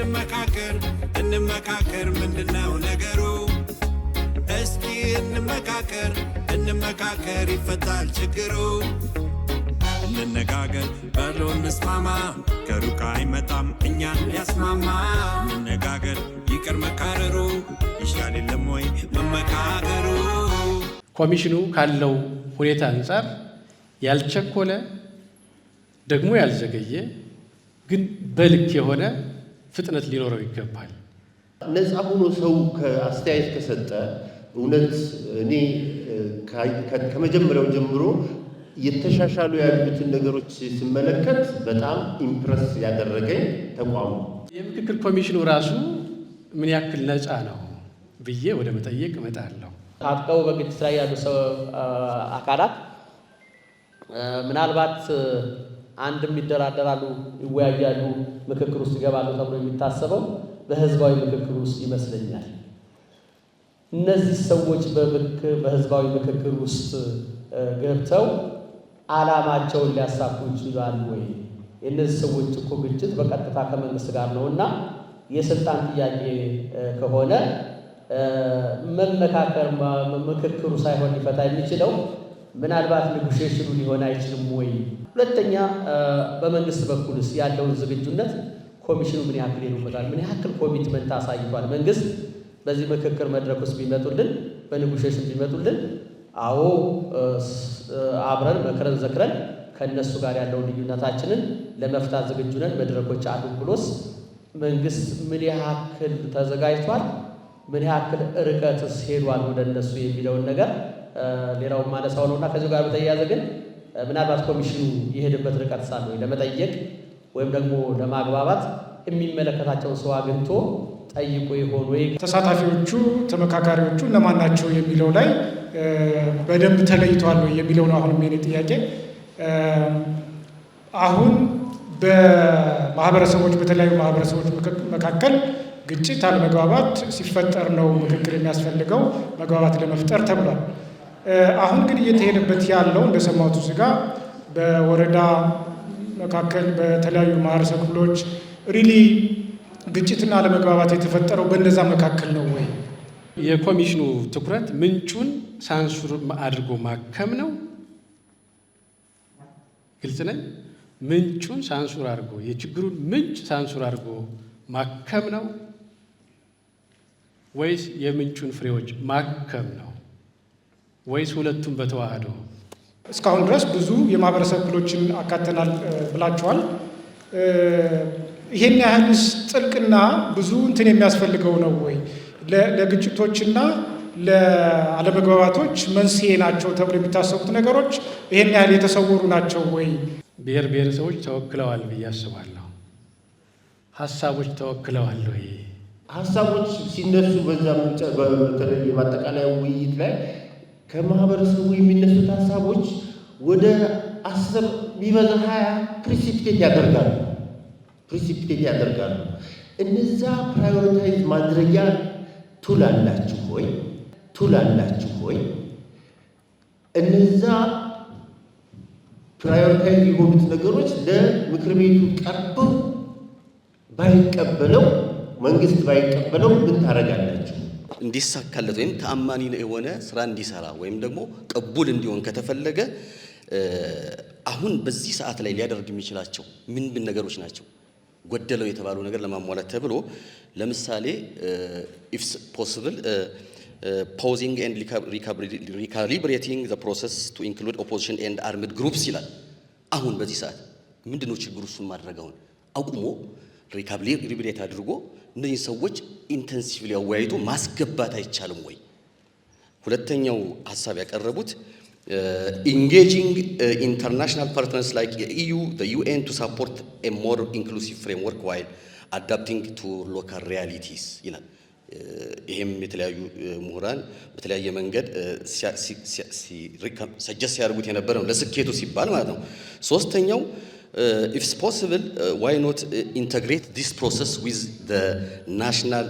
እንመካከር እንመካከር ምንድነው ነገሩ? እስኪ እንመካከር እንመካከር ይፈታል ችግሩ። እንነጋገር በሎ እንስማማ፣ ከሩቅ አይመጣም እኛን ሊያስማማ። እንነጋገር ይቅር መካረሩ ይሻል የለም ወይ መመካከሩ። ኮሚሽኑ ካለው ሁኔታ አንጻር ያልቸኮለ ደግሞ ያልዘገየ ግን በልክ የሆነ ፍጥነት ሊኖረው ይገባል። ነፃ ሆኖ ሰው አስተያየት ከሰጠ እውነት እኔ ከመጀመሪያው ጀምሮ የተሻሻሉ ያሉትን ነገሮች ስመለከት በጣም ኢምፕረስ ያደረገኝ ተቋሙ የምክክር ኮሚሽኑ ራሱ ምን ያክል ነፃ ነው ብዬ ወደ መጠየቅ እመጣለሁ። አብቀው በግጭት ላይ ያሉ ሰው አካላት ምናልባት አንድም ይደራደራሉ፣ ይወያያሉ፣ ምክክር ውስጥ ይገባሉ ተብሎ የሚታሰበው በህዝባዊ ምክክር ውስጥ ይመስለኛል። እነዚህ ሰዎች በህዝባዊ ምክክር ውስጥ ገብተው አላማቸውን ሊያሳኩ ይችላሉ ወይ? የእነዚህ ሰዎች እኮ ግጭት በቀጥታ ከመንግስት ጋር ነው እና የስልጣን ጥያቄ ከሆነ መመካከር ምክክሩ ሳይሆን ሊፈታ የሚችለው ምናልባት ኔጎሽሽኑ ሊሆን አይችልም ወይ? ሁለተኛ በመንግስት በኩልስ ያለውን ዝግጁነት ኮሚሽኑ ምን ያክል ይሉበታል? ምን ያክል ኮሚትመንት አሳይቷል? መንግስት በዚህ ምክክር መድረክ ውስጥ ቢመጡልን፣ በኔጎሽሽን ቢመጡልን፣ አዎ አብረን መክረን ዘክረን ከእነሱ ጋር ያለውን ልዩነታችንን ለመፍታት ዝግጁነት መድረኮች አሉ ብሎስ መንግስት ምን ያክል ተዘጋጅቷል? ምን ያክል ርቀትስ ሄዷል ወደ እነሱ የሚለውን ነገር ሌላው ማነሳው ነው እና ከዚሁ ጋር በተያያዘ ግን ምናልባት ኮሚሽኑ የሄደበት ርቀት ሳለ ለመጠየቅ ወይም ደግሞ ለማግባባት የሚመለከታቸውን ሰው አግኝቶ ጠይቆ ይሆን ወይ ተሳታፊዎቹ ተመካካሪዎቹ እነማን ናቸው የሚለው ላይ በደንብ ተለይቷል ወይ የሚለው ነው አሁንም የኔ ጥያቄ። አሁን በማህበረሰቦች በተለያዩ ማህበረሰቦች መካከል ግጭት፣ አለመግባባት ሲፈጠር ነው ምክክር የሚያስፈልገው መግባባት ለመፍጠር ተብሏል። አሁን ግን እየተሄደበት ያለው እንደ ስጋ በወረዳ መካከል በተለያዩ ማህበረሰብ ክፍሎች ሪሊ ግጭትና ለመግባባት የተፈጠረው በእነዛ መካከል ነው ወይ? የኮሚሽኑ ትኩረት ምንጩን ሳንሱር አድርጎ ማከም ነው። ግልጽ ነኝ። ምንጩን ሳንሱር አድርጎ የችግሩን ምንጭ ሳንሱር አድርጎ ማከም ነው ወይስ የምንጩን ፍሬዎች ማከም ነው? ወይስ ሁለቱም በተዋህዶ? እስካሁን ድረስ ብዙ የማህበረሰብ ክፍሎችን አካተናል ብላችኋል። ይሄን ያህልስ ጥልቅና ብዙ እንትን የሚያስፈልገው ነው ወይ? ለግጭቶችና ለአለመግባባቶች መንስኤ ናቸው ተብሎ የሚታሰቡት ነገሮች ይሄን ያህል የተሰወሩ ናቸው ወይ? ብሔር ብሔረሰቦች ተወክለዋል ብዬ አስባለሁ። ሀሳቦች ተወክለዋል ወይ? ሀሳቦች ሲነሱ በዛ በተለይ በአጠቃላይ ውይይት ላይ ከማህበረሰቡ የሚነሱት ሀሳቦች ወደ አስር ቢበዛ ሀያ ፕሪሲፒቴት ያደርጋሉ ፕሪሲፒቴት ያደርጋሉ። እነዛ ፕራዮሪታይዝ ማድረጊያ ቱል አላችሁ ወይ ቱል አላችሁ ወይ? እነዛ ፕራዮሪታይዝ የሆኑት ነገሮች ለምክር ቤቱ ቀርበው ባይቀበለው መንግስት ባይቀበለው ምን ታደርጋላችሁ? እንዲሳካለት ወይም ተአማኒ የሆነ ስራ እንዲሰራ ወይም ደግሞ ቅቡል እንዲሆን ከተፈለገ አሁን በዚህ ሰዓት ላይ ሊያደርግ የሚችላቸው ምን ምን ነገሮች ናቸው ጎደለው የተባለው ነገር ለማሟላት ተብሎ ለምሳሌ ኢፍስ ፖስብል ፖዚንግ ኤንድ ሪካሊብሬቲንግ ዘ ፕሮሰስ ቱ ኢንክሉድ ኦፖዚሽን ኤንድ አርምድ ግሩፕስ ይላል። አሁን በዚህ ሰዓት ምንድነው ችግሩ? እሱን ማድረግ አሁን አቁሞ ሪካብሊት አድርጎ እነዚህ ሰዎች ኢንተንሲቭሊ አወያይቶ ማስገባት አይቻልም ወይ? ሁለተኛው ሀሳብ ያቀረቡት ኢንጌጂንግ ኢንተርናሽናል ፓርትነርስ ላይክ ኢዩ ዩኤን ቱ ሳፖርት ሞር ኢንክሉሲቭ ፍሬምወርክ ዋይል አዳፕቲንግ ቱ ሎካል ሪያሊቲስ ይላል። uh, ይሄም የተለያዩ uh, ምሁራን በተለያየ መንገድ ሰጀስት uh, ሲያደርጉት የነበረ ነው ለስኬቱ ሲባል ማለት ነው። ሶስተኛው Uh, if it's possible, uh, why not uh, integrate this process with the national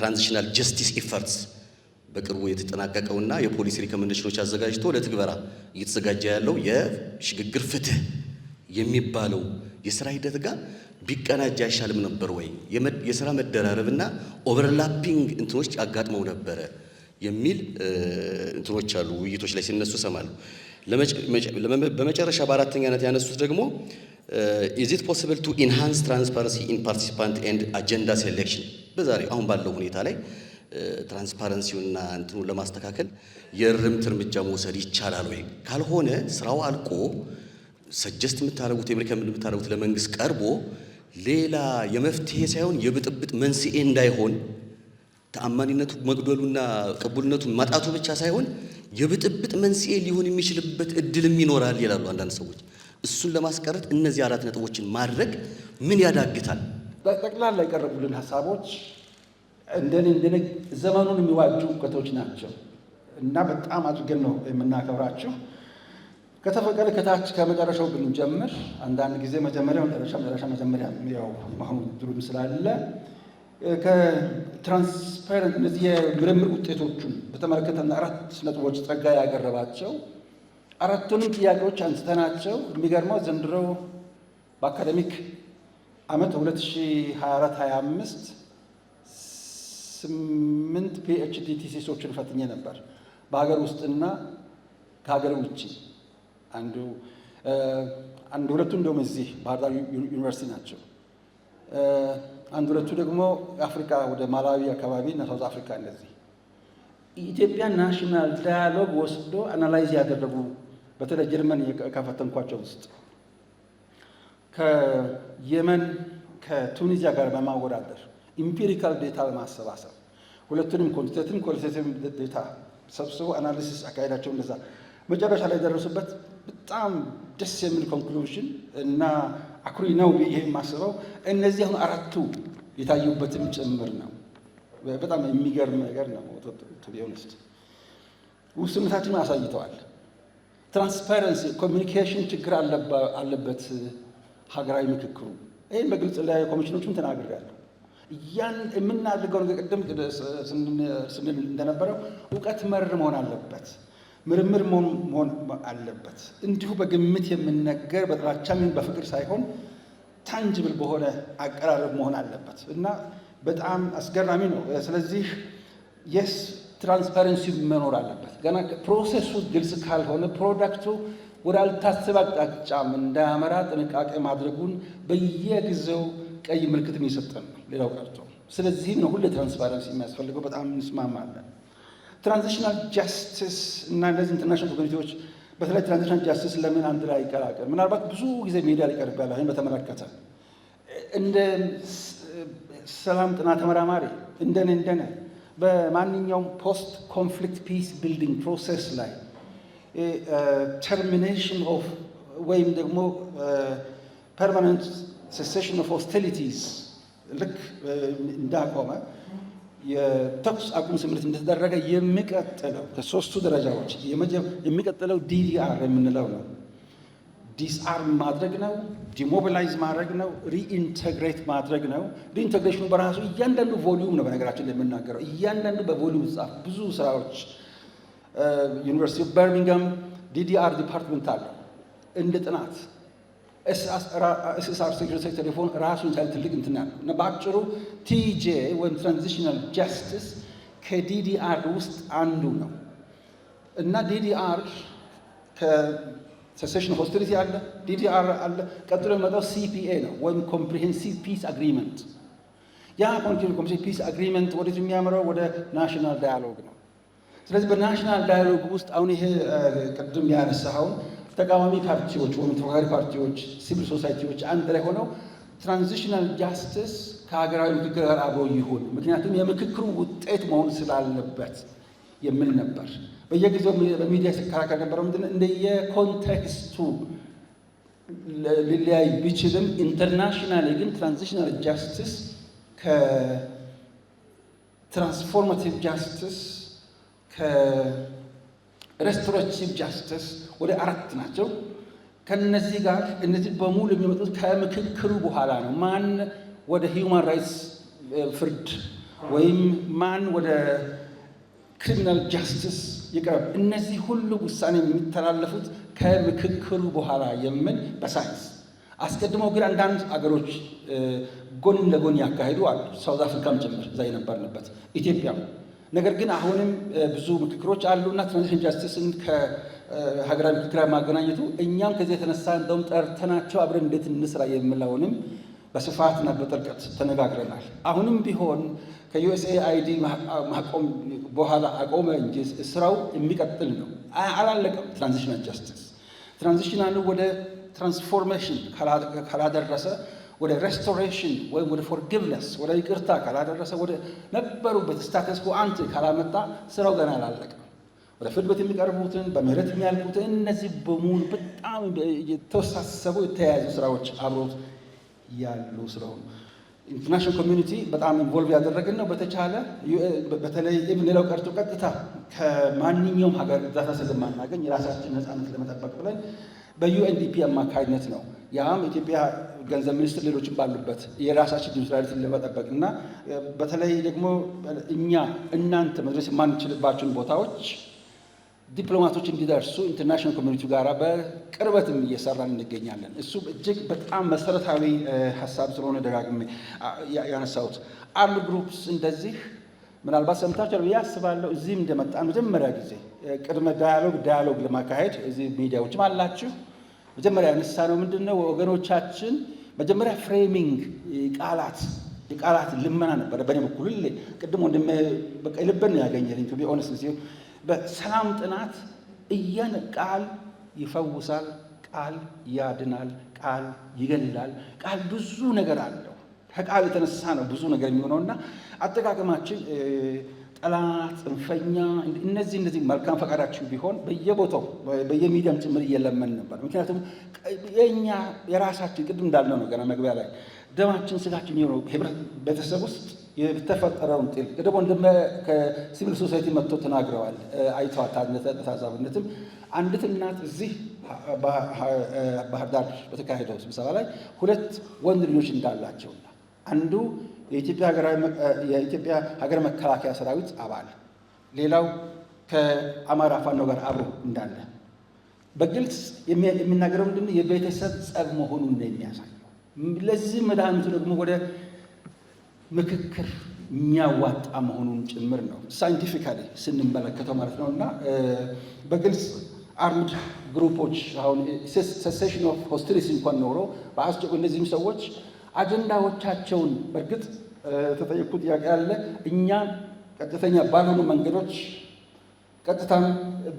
transitional justice efforts? በቅርቡ የተጠናቀቀውና የፖሊሲ ሪኮመንዴሽኖች አዘጋጅቶ ለትግበራ እየተዘጋጀ ያለው የሽግግር ፍትህ የሚባለው የስራ ሂደት ጋር ቢቀናጅ አይሻልም ነበር ወይ? የስራ መደራረብና ኦቨርላፒንግ እንትኖች አጋጥመው ነበረ የሚል እንትኖች አሉ፣ ውይይቶች ላይ ሲነሱ እሰማለሁ። በመጨረሻ በአራተኛነት ያነሱት ደግሞ ኢዝ ኢት ፖስብል ቱ ኢንሃንስ ትራንስፓረንሲ ኢን ፓርቲሲፓንት ኤንድ አጀንዳ ሴሌክሽን በዛሬ አሁን ባለው ሁኔታ ላይ ትራንስፓረንሲውና uh, እንትኑ ለማስተካከል የእርምት እርምጃ መውሰድ ይቻላል ወይ? ካልሆነ ስራው አልቆ ሰጀስት የምታደረጉት የምሪከም የምታደረጉት ለመንግስት ቀርቦ ሌላ የመፍትሄ ሳይሆን የብጥብጥ መንስኤ እንዳይሆን ተአማኒነቱ መግደሉና ቅቡልነቱን ማጣቱ ብቻ ሳይሆን የብጥብጥ መንስኤ ሊሆን የሚችልበት እድልም ይኖራል ይላሉ አንዳንድ ሰዎች። እሱን ለማስቀረት እነዚህ አራት ነጥቦችን ማድረግ ምን ያዳግታል? ጠቅላላ የቀረቡልን ሀሳቦች እንደኔ እንደኔ ዘመኑን የሚዋጁ እውቀቶች ናቸው እና በጣም አድርገን ነው የምናከብራችሁ። ከተፈቀደ ከታች ከመጨረሻው ብንጀምር፣ አንዳንድ ጊዜ መጀመሪያ መጨረሻ መጨረሻ መጀመሪያ ያው የመሆኑ ድሩም ስላለ ከትራንስፓረንት እነዚህ የምርምር ውጤቶቹን በተመለከተና አራት ነጥቦች ጸጋ ያቀረባቸው አራቱንም ጥያቄዎች አንስተናቸው የሚገርመው ዘንድሮ በአካደሚክ ዓመት 2024/25 ስምንት ፒኤችዲ ቲሲሶችን ፈትኜ ነበር በሀገር ውስጥና ከሀገር ውጭ አንዱ አንድ ሁለቱ እንደውም እዚህ ባህርዳር ዩኒቨርሲቲ ናቸው። አንድ ሁለቱ ደግሞ አፍሪካ ወደ ማላዊ አካባቢ እና ሳውዝ አፍሪካ እንደዚህ ኢትዮጵያ ናሽናል ዳያሎግ ወስዶ አናላይዝ ያደረጉ በተለይ ጀርመን ካፈተንኳቸው ውስጥ ከየመን ከቱኒዚያ ጋር በማወዳደር ኢምፒሪካል ዴታ በማሰባሰብ ሁለቱንም ኮንቲቴቲቭ ኳሊቴቲቭ ዴታ ሰብስቦ አናሊሲስ አካሄዳቸው እንደዛ መጨረሻ ላይ የደረሱበት በጣም ደስ የሚል ኮንክሉዥን እና አኩሪ ነው ይሄ የማስበው እነዚህ አሁን አራቱ የታዩበትም ጭምር ነው። በጣም የሚገርም ነገር ነው። ቱቢሆንስት ውስንነታችን አሳይተዋል። ትራንስፓረንሲ ኮሚኒኬሽን ችግር አለበት ሀገራዊ ምክክሩ። ይህን በግልጽ ለኮሚሽኖቹም ተናግሬያለሁ። ያን የምናደርገው ነገር ቅድም ስንል እንደነበረው እውቀት መር መሆን አለበት። ምርምር መሆን አለበት። እንዲሁ በግምት የሚነገር በጥላቻ ምን በፍቅር ሳይሆን ታንጅብል በሆነ አቀራረብ መሆን አለበት እና በጣም አስገራሚ ነው። ስለዚህ የስ ትራንስፓረንሲ መኖር አለበት። ገና ፕሮሰሱ ግልጽ ካልሆነ ፕሮዳክቱ ወደ አልታሰበ አቅጣጫም እንዳያመራ ጥንቃቄ ማድረጉን በየጊዜው ቀይ ምልክትን እየሰጠን ነው፣ ሌላው ቀርቶ። ስለዚህም ነው ሁሌ ትራንስፓረንሲ የሚያስፈልገው። በጣም እንስማማለን። ትራንዚሽናል ጃስቲስ እና እነዚህ ኢንተርናሽናል ኮሚኒቲዎች በተለይ ትራንዚሽናል ጃስቲስ ለምን አንድ ላይ ይቀላቀል ምናልባት ብዙ ጊዜ ሚዲያ ሊቀርብ ይህን በተመለከተ እንደ ሰላም ጥና ተመራማሪ እንደነ እንደነ በማንኛውም ፖስት ኮንፍሊክት ፒስ ቢልዲንግ ፕሮሰስ ላይ ተርሚኔሽን ኦፍ ወይም ደግሞ ፐርማነንት ሴሴሽን ኦፍ ሆስቲሊቲስ ልክ እንዳቆመ የተኩስ አቁም ስምምነት እንደተደረገ የሚቀጥለው ከሶስቱ ደረጃዎች የሚቀጥለው ዲዲአር የምንለው ነው። ዲስአርም ማድረግ ነው፣ ዲሞቢላይዝ ማድረግ ነው፣ ሪኢንተግሬት ማድረግ ነው። ሪኢንተግሬሽኑ በራሱ እያንዳንዱ ቮሊዩም ነው። በነገራችን ላይ የምናገረው እያንዳንዱ በቮሊዩም ጻፍ ብዙ ስራዎች ዩኒቨርሲቲ ኦፍ በርሚንግሃም ዲዲአር ዲፓርትመንት አለ እንደ ጥናት ኤስኤስአር ሴክሽን ሴክተር ራሱን የቻለ ትልቅ እንትና ነው እና በአጭሩ ቲጄ ወይም ትራንዚሽናል ጃስቲስ ከዲዲአር ውስጥ አንዱ ነው እና ዲዲአር ከሴሴሽን ሆስቲሊቲ አለ፣ ዲዲአር አለ። ቀጥሎ የሚመጣው ሲፒኤ ነው ወይም ኮምፕሪሄንሲቭ ፒስ አግሪመንት። ያ ኮምፕሪሄንሲቭ ፒስ አግሪመንት ወዴት የሚያምረው? ወደ ናሽናል ዳያሎግ ነው። ስለዚህ በናሽናል ዳያሎግ ውስጥ አሁን ይሄ ቅድም ያነሳኸውን ተቃዋሚ ፓርቲዎች ወይም ተፎካካሪ ፓርቲዎች፣ ሲቪል ሶሳይቲዎች አንድ ላይ ሆነው ትራንዚሽናል ጃስቲስ ከሀገራዊ ምክክር ጋር አብሮ ይሁን፣ ምክንያቱም የምክክሩ ውጤት መሆን ስላለበት የሚል ነበር። በየጊዜው በሚዲያ ሲከራከር ነበረው። ምንድን እንደየኮንቴክስቱ ሊለያይ ቢችልም ኢንተርናሽናል ግን ትራንዚሽናል ጃስቲስ ከትራንስፎርማቲቭ ጃስቲስ ከሬስቶራቲቭ ጃስቲስ ወደ አራት ናቸው። ከነዚህ ጋር እነዚህ በሙሉ የሚመጡት ከምክክሩ በኋላ ነው። ማን ወደ ሂውማን ራይትስ eh, ፍርድ ወይም ማን ወደ ክሪሚናል ጃስቲስ ይቅረብ፣ እነዚህ ሁሉ ውሳኔ የሚተላለፉት ከምክክሩ በኋላ የሚል በሳይንስ አስቀድመው ግን አንዳንድ አገሮች eh, ጎን ለጎን ያካሄዱ አሉ። ሳውዝ አፍሪካም ጭምር እዛ የነበርንበት ኢትዮጵያም። ነገር ግን አሁንም eh, ብዙ ምክክሮች አሉና ትራንዚሽን ጃስቲስን ሀገራዊ ምክክር ማገናኘቱ እኛም ከዚህ የተነሳ እንደውም ጠርተናቸው አብረን እንዴት እንስራ የምለውንም በስፋትና በጥልቀት ተነጋግረናል። አሁንም ቢሆን ከዩኤስኤ አይዲ ማቆም በኋላ አቆመ እንጂ ስራው የሚቀጥል ነው፣ አላለቀም። ትራንዚሽናል ጃስቲስ ትራንዚሽናሉ ወደ ትራንስፎርሜሽን ካላደረሰ ወደ ሬስቶሬሽን ወይም ወደ ፎርጊቭነስ ወደ ይቅርታ ካላደረሰ ወደ ነበሩበት ስታተስ አንት ካላመጣ ስራው ገና አላለቀም። ለፍርድ ቤት የሚቀርቡትን በምህረት የሚያልቁትን እነዚህ በሙሉ በጣም የተወሳሰቡ የተያያዙ ስራዎች አብሮት ያሉ ስለሆኑ ኢንተርናሽናል ኮሚኒቲ በጣም ኢንቮልቭ ያደረግን ነው። በተቻለ በተለይ ሌላው ቀርቶ ቀጥታ ከማንኛውም ሀገር እርዳታ ስለማናገኝ የራሳችን ነፃነት ለመጠበቅ ብለን በዩኤንዲፒ አማካኝነት ነው። ያም ኢትዮጵያ ገንዘብ ሚኒስትር ሌሎችን ባሉበት የራሳችን ዲሞክራሲን ለመጠበቅ እና በተለይ ደግሞ እኛ እናንተ መድረስ የማንችልባቸውን ቦታዎች ዲፕሎማቶች እንዲደርሱ ኢንተርናሽናል ኮሚኒቲ ጋር በቅርበትም እየሰራን እንገኛለን። እሱም እጅግ በጣም መሰረታዊ ሀሳብ ስለሆነ ደጋግሜ ያነሳሁት አርም ግሩፕስ እንደዚህ ምናልባት ሰምታችኋል ብዬ አስባለሁ። እዚህም እንደመጣ መጀመሪያ ጊዜ ቅድመ ዳያሎግ ዳያሎግ ለማካሄድ እዚህ ሚዲያዎችም አላችሁ። መጀመሪያ ያነሳ ነው ምንድን ነው ወገኖቻችን መጀመሪያ ፍሬሚንግ ቃላት የቃላት ልመና ነበረ። በእኔ በኩል ቅድም ወንድሜ በቃ ልበን ነው ያገኘልኝ ኦነስ በሰላም ጥናት እያን ቃል ይፈውሳል፣ ቃል ያድናል፣ ቃል ይገላል ቃል ብዙ ነገር አለው። ከቃል የተነሳ ነው ብዙ ነገር የሚሆነውና አጠቃቀማችን ጠላት፣ ጽንፈኛ እነዚህ እነዚህ መልካም ፈቃዳችን ቢሆን በየቦታው በየሚዲያም ጭምር እየለመን ነበር። ምክንያቱም የእኛ የራሳችን ቅድም እንዳልነው ነገር መግቢያ ላይ ደማችን ስጋችን የሆነው ቤተሰብ ውስጥ የተፈጠረውን ጥል ደግሞ ከሲቪል ሶሳይቲ መጥቶ ተናግረዋል። አይተዋታ ታዛብነትም አንዲት እናት እዚህ ባህር ዳር በተካሄደው ስብሰባ ላይ ሁለት ወንድ ልጆች እንዳላቸውና አንዱ የኢትዮጵያ ሀገር መከላከያ ሰራዊት አባል ሌላው ከአማራ ፋኖ ጋር አብሮ እንዳለ በግልጽ የሚናገረው ምንድን የቤተሰብ ጸብ መሆኑን ነው የሚያሳየው። ለዚህ መድኃኒቱ ደግሞ ወደ ምክክር የሚያዋጣ መሆኑን ጭምር ነው ሳይንቲፊካሊ ስንመለከተው ማለት ነው። እና በግልጽ አርምድ ግሩፖች አሁን ሴሴሽን ኦፍ ሆስቲሊቲ እንኳን ኖሮ በአስቸ እነዚህም ሰዎች አጀንዳዎቻቸውን በእርግጥ ተጠየቁ ጥያቄ አለ። እኛ ቀጥተኛ ባልሆኑ መንገዶች ቀጥታም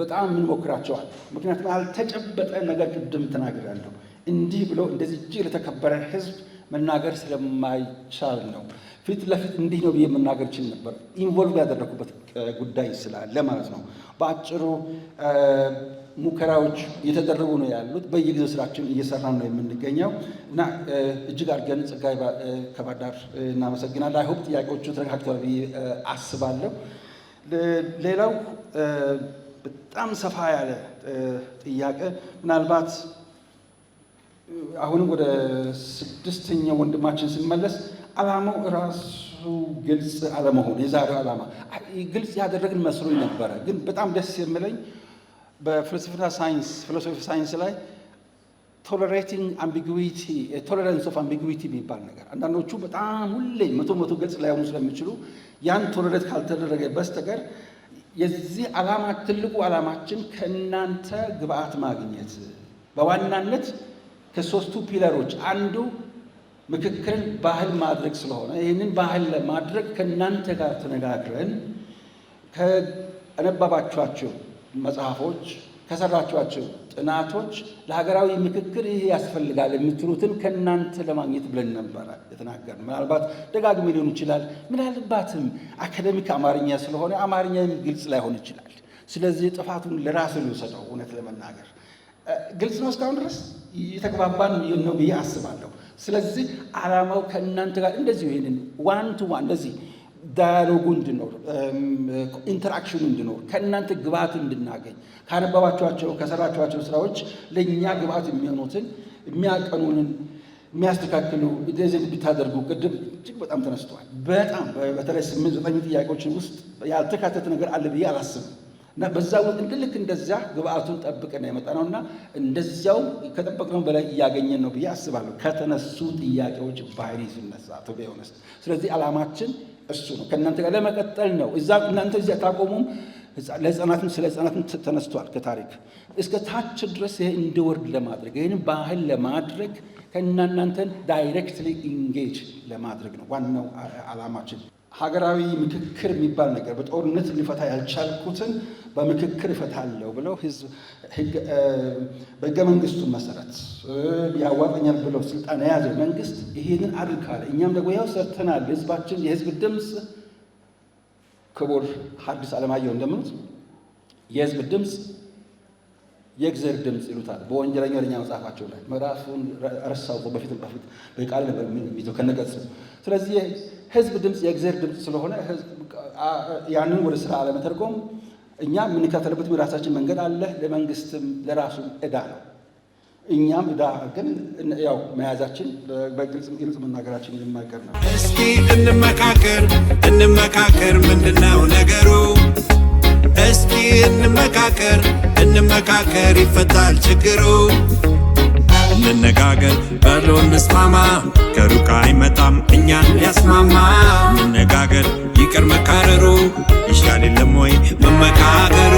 በጣም እንሞክራቸዋል። ምክንያቱም ያልተጨበጠ ነገር ቅድም ተናግራለሁ። እንዲህ ብሎ እንደዚህ እጅግ ለተከበረ ህዝብ መናገር ስለማይቻል ነው። ፊት ለፊት እንዲህ ነው ብዬ መናገር ችል ነበር። ኢንቮልቭ ያደረኩበት ጉዳይ ስላለ ማለት ነው። በአጭሩ ሙከራዎች እየተደረጉ ነው ያሉት። በየጊዜው ስራችን እየሰራን ነው የምንገኘው እና እጅግ አድርገን ጸጋዬ ከባዳር እናመሰግናለን። አይሆፕ ጥያቄዎቹ ተረጋግተዋል ብዬ አስባለሁ። ሌላው በጣም ሰፋ ያለ ጥያቄ ምናልባት አሁንም ወደ ስድስተኛው ወንድማችን ስንመለስ ዓላማው እራሱ ግልጽ አለመሆን፣ የዛሬው ዓላማ ግልጽ ያደረግን መስሎኝ ነበረ። ግን በጣም ደስ የምለኝ በፍልስፍና ሳይንስ ፊሎሶፊ ሳይንስ ላይ ቶለሬቲንግ አምቢጉዊቲ ቶለራንስ ኦፍ አምቢጉዊቲ የሚባል ነገር አንዳንዶቹ በጣም ሁሌ መቶ መቶ ገጽ ላይሆኑ ስለሚችሉ ያን ቶለሬት ካልተደረገ በስተቀር የዚህ ዓላማ ትልቁ ዓላማችን ከእናንተ ግብአት ማግኘት በዋናነት ከሶስቱ ፒለሮች አንዱ ምክክርን ባህል ማድረግ ስለሆነ ይህንን ባህል ለማድረግ ከእናንተ ጋር ተነጋግረን ከአነባባችኋቸው መጽሐፎች ከሰራችኋቸው ጥናቶች ለሀገራዊ ምክክር ይህ ያስፈልጋል የምትሉትን ከእናንተ ለማግኘት ብለን ነበረ የተናገር። ምናልባት ደጋግሜ ሊሆን ይችላል። ምናልባትም አካደሚክ አማርኛ ስለሆነ አማርኛም ግልጽ ላይሆን ይችላል። ስለዚህ ጥፋቱን ለራስ ልውሰደው። እውነት ለመናገር ግልጽ ነው እስካሁን ድረስ የተግባባን ነው ብዬ አስባለሁ። ስለዚህ ዓላማው ከእናንተ ጋር እንደዚህ ይሄንን ዋን ቱ ዋን እንደዚህ ዳያሎጉ እንድኖር ኢንተራክሽኑ እንድኖር ከእናንተ ግብአት እንድናገኝ ካነበባችኋቸው ከሰራችኋቸው ስራዎች ለእኛ ግብአት የሚሆኑትን የሚያቀኑንን የሚያስተካክሉ ዜ ብታደርጉ ቅድም እጅግ በጣም ተነስተዋል። በጣም በተለይ ስምንት ዘጠኝ ጥያቄዎችን ውስጥ ያልተካተተ ነገር አለ ብዬ አላስብም። እና በዛ ወቅት ልክ እንደዚያ ግብአቱን ጠብቀን የመጣ ነው እና እንደዚያው ከጠበቅነው በላይ እያገኘን ነው ብዬ አስባለሁ። ከተነሱ ጥያቄዎች ባህሪ ሲነሳ ሆነስ ስለዚህ ዓላማችን እሱ ነው። ከእናንተ ጋር ለመቀጠል ነው። እዛ እናንተ እዚያ ታቆሙም። ለህፃናትም ስለ ህፃናትም ተነስቷል ከታሪክ እስከ ታች ድረስ ይሄ እንዲወርድ ለማድረግ ይህን ባህል ለማድረግ ከእናናንተን ዳይሬክትሊ ኢንጌጅ ለማድረግ ነው ዋናው ዓላማችን። ሀገራዊ ምክክር የሚባል ነገር በጦርነት ሊፈታ ያልቻልኩትን በምክክር እፈታለሁ ብለው በሕገ መንግስቱን መሰረት ያዋጠኛል ብለው ስልጣን የያዘ መንግስት ይሄንን አድርካለ። እኛም ደግሞ ያው ሰርተናል። ህዝባችን የህዝብ ድምፅ ክቡር ሐዲስ ዓለማየሁ እንደምሉት የህዝብ ድምፅ የእግዚአብሔር ድምፅ ይሉታል። በወንጀለኛ ለኛ መጽሐፋቸው ላይ ምዕራፉን ረሳው። በፊት በፊት በቃል ነበር ከነገጽ ስለዚህ ህዝብ ድምፅ የእግዚአብሔር ድምፅ ስለሆነ ያንን ወደ ስራ አለመተርጎም እኛ የምንከተልበት የራሳችን መንገድ አለ። ለመንግስትም ለራሱ እዳ ነው። እኛም እዳ ግን ያው መያዛችን በግልጽ ግልጽ መናገራችን የማይቀር ነው። እስቲ እንመካከር እንመካከር፣ ምንድነው ነገሩ? እስቲ እንመካከር እንመካከር፣ ይፈታል ችግሩ። እንነጋገር በሎ ንስማማ ከሩቅ አይመጣም እኛን ሊያስማማ። እንነጋገር ይቅር መካረሩ ይሻል የለም ወይ መመካከሩ